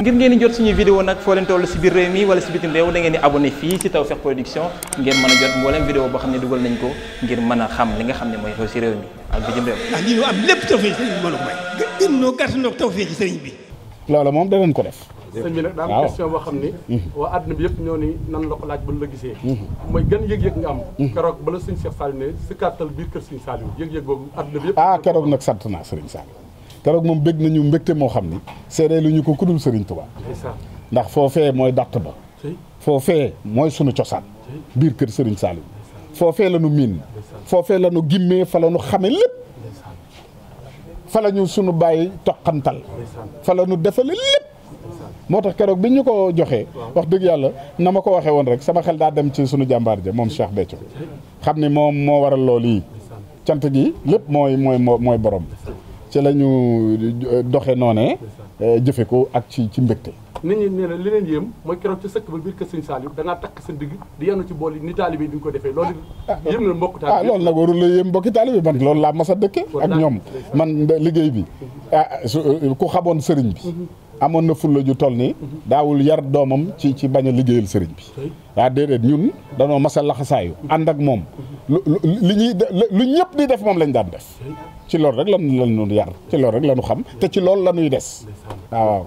ngir ngeen di jot suñu vidéo nag foo leen toll si biir réew mi wala si bitim réew da ngeen di abonné fii si Tawfekh Production ngeen mën a jot mboolem vidéo boo xam ne dugal nañ ko ngir mën a si ah, sëriñ bi loolu moom danañ ko def. sëñ bi nag daa am question xam ni mm-hmm. waa àdduna bi yëpp ñoo ni nan la laaj ba la gisee mm-hmm. mooy gën yëg-yëg nga am mm-hmm. keroog bala sëñ Cheikh Saliou ne si kàttal biir kër sëñ Saliou yëg-yëg boobu àdduna bi yëpp ah keroog nag sant naa sëriñ Saliou keroog moom bég nañu mbégte moo xam ni seedee lu ñu ko kudul Serigne Touba ndax foofee mooy dàtt ba foofee mooy sunu cosaan biir kër Serigne Saliou foofee la nu miin foofee la nu gimmee fa nu xame lépp fa ñu sunu bàyyi toqantal fa nu defale lépp moo tax keroog bi ñu ko joxee wax dëgg yàlla na ma ko waxee woon rek sama xel daa dem ci sunu jàmbaar ja moom Cheikh Béthio xam ni moom moo waral loolu yi cant gi lépp mooy mooy mooy borom ci la ñu euh, doxe noonee euh, jëfe ko ak ci ci mbégte nit ñi nee na li leen yéem mooy keroog ci sëkk ba biir kër sëñ Saliou da ngaa takk sa digg di yanu ci bool yi ni taalibe di nga ko defee loolu ah, ah, yéem na mbokk taalibe ah loolu nag warul la yéem mbokki taalibe man loolu laa mas a dëkke ak ñoom man liggéey bi ah euh, ku xamoon sëriñ bi mm-hmm. amoon na fulla ju toll nii daawul yar doomam ci ci bañ a liggéeyal sëriñ bi waa déedéet ñun danoo masa laxasaayu ànd ak moom li ñuy lu ñëpp di def moom lañ daan def ci loolu rek lan lañu yar ci loolu rek lañu xam te ci loolu la ñuy des ah, waaw